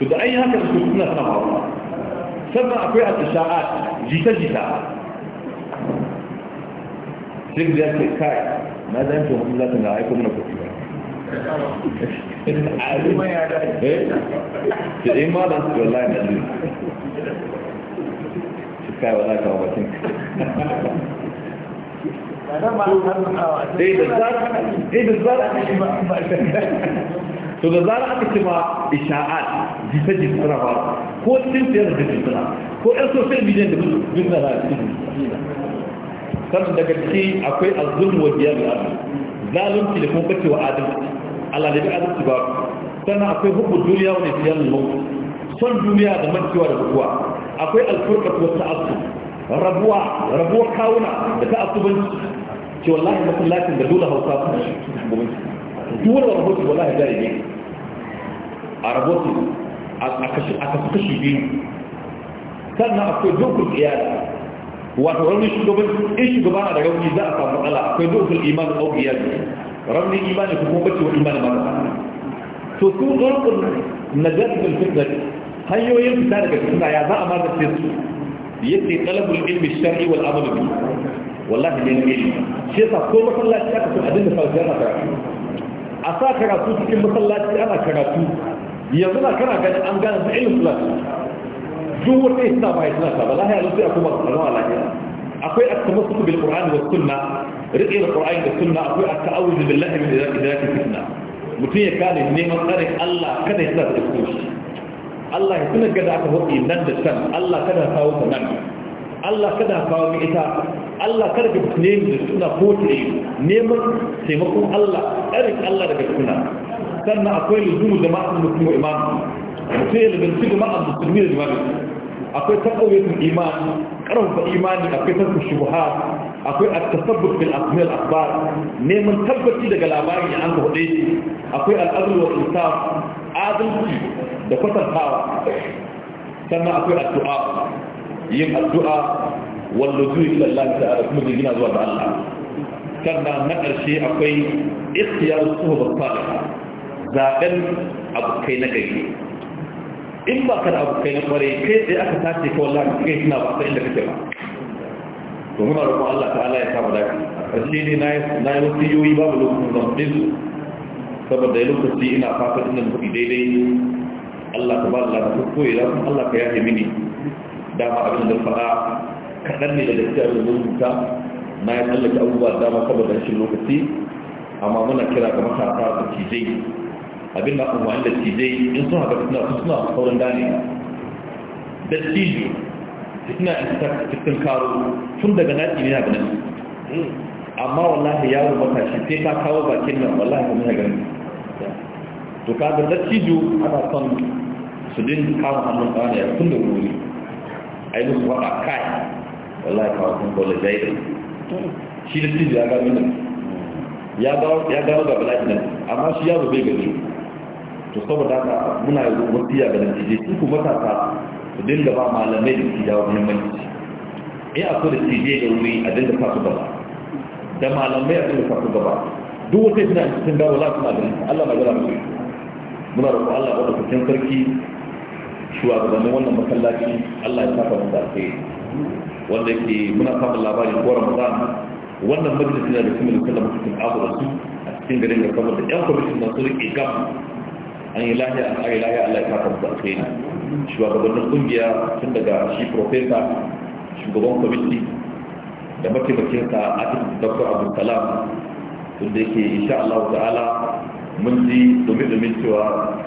to da an yi haka da su suna suna sannan akwai a isha'a jita-jita sai da ya ce kai na zata na kuɗi ba ta <laughs> yi eh? ma da su wallahi na su kai kawo <laughs> eh, da zara eh, aka ce ma <laughs> jita jisira ba ko cikin siyar da jisira ko yan social media da jisira na cikin Kan daga ciki akwai azulmu wa biyar da zalunci da kuma bacewa adalci Allah da bi adalci ba sannan akwai hukun duniya wani siyar da mutu son duniya da mancewa da bukuwa akwai alfurkatu wa asu. rabuwa rabuwa kawuna da ta asu ta'assubanci ce wallahi masallacin da dole hausa su shi duk wani rahoto wallahi jari ne a rahoto a kasu kashi biyu sannan akwai dokul iyali wato raunin shugaban in shugaba na da rauni za a samu matsala akwai dokul iman ko iyali raunin imani ko kuma bacewa imani ba to su zurkun najatul fitnat hanyoyin fita daga fitina ya za a magance su yace talabul ilmi shar'i wal amal bi wallahi ne ne shi yasa ko masallaci aka so a dinga fara karatu a sa karatu cikin masallaci ana karatu yanzu na kana gani an gane su ilin fulani duk wata yi suna bayan suna saba lahiya lafi a kuma tsaro a lahiya akwai akama su bil qur'ani da suna, riƙe da qur'ani da suna. akwai at-ta'awuzu da min idraki fitna mutum ya kare neman tsarin Allah kada ya tsara da shi Allah ya tuna gada aka hoɗi nan da can Allah kada ya kawo nan Allah kada ya kawo mi ita Allah kada ka nemi da suna ko ta yi neman taimakon Allah tsarin Allah daga suna sannan akwai lujumu jama'atul muslimin wa imam mutum ya lubanci jama'atul muslimin da jama'atul akwai taqawiyatul iman karfafa imani akwai tasbih shubuhat akwai a tasabbut bil asmi al akhbar neman tabbaci daga labarin ya an ka hude akwai al wa insaf adalci da kwatantawa sannan akwai addu'a yin addu'a wal lujuu ila Allah ta'ala kuma jigina zuwa ga Allah sannan na ƙarshe akwai ikhtiyar suhubat salihah zaɓen abokai na gari in ba ka da abokai na kwarai kai tsaye aka tace ka wallahi ka kai suna ba sai inda kake ba to muna kuma Allah ta'ala ya samu a ashe ne na na yi wasiyoyi babu lokacin zan ɗin su saboda ya lokaci ina fata ina kuɗi daidai Allah ta ba Allah ko ya da Allah ka yafe mini dama abin da faɗa kaɗan ne da gaskiya da rubuta, na ya tsallake abubuwa dama saboda shi lokaci amma muna kira ga matasa da cijai abin da kuma da cijai in sun haka suna suna sauran gane da cijo suna cikin karo tun daga naci ne na ganin amma wallahi yaro matashi sai ta kawo bakin nan wallahi kuma na ganin to ga da cijo ana son su din kawo hannun gane tun da wuri ai musu faɗa kai wallahi kawo sun da jaidai shi da cijo ya gano nan ya gano ga bala'i nan amma shi yaro bai gani to saboda haka muna yi ga dattijai su ku matasa su dinga ba malamai da su jawo muhimmanci in eh, akwai da da wuri a dinga sa su gaba da malamai a dinga sa su gaba duk wata yana cikin dawo za su na ganin Allah magana mu muna roƙo Allah ba da cikin sarki shugabannin wannan masallaci Allah ya saka mu da wanda yake muna samun labari ko Ramadan wannan majalisa da kuma da kallon mutum abu da su a cikin garin da da yan kwamishin na su rike gaba an yi lahiya an yi lahiya Allah ya fata da alkhairi shugabannin kungiya tun daga shi profesa shugaban kwamiti da ka a cikin dr abdul tun da yake insha Allah ta'ala mun ji domin-domin cewa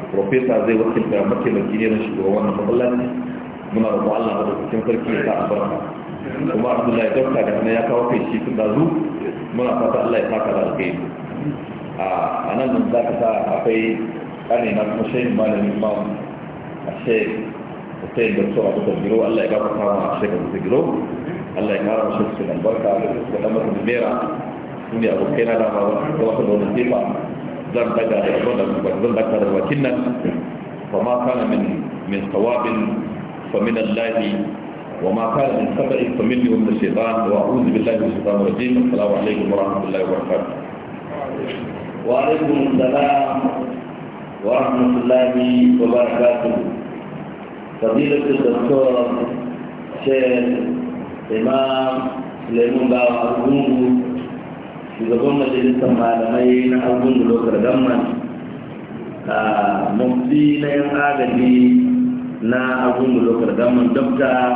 profesa zai wakilta mataimaki ne na shugaban wannan matsalaci muna roƙon Allah da cikin sarki ya ta albarka kuma abdullahi dokta da hannun ya kawo kai shi tun dazu muna fata Allah ya saka da alkhairi a nan za ka sa akwai kane na kuma ma malamin imam a sheik hussein da a abu giro allah ya gafa kawo a sheik abu giro allah ya kara mashi cikin albarka da su kaɗan masu numera su ne abokai na dama da wata da wani tefa zan daga da zan daga da wakin nan فما كان من من ثواب فمن الله وما كان من سبع فمني ومن الشيطان واعوذ بالله من assalamu الرجيم wa rahmatullahi wa barakatuh wa وعليكم السلام ورحمة الله وبركاته فضيلة الدكتور شيخ إمام سليمان باو أرغونغو shugaban majalisar malamai na abun da lokar gamman a mufti na yan na abun da lokar gamman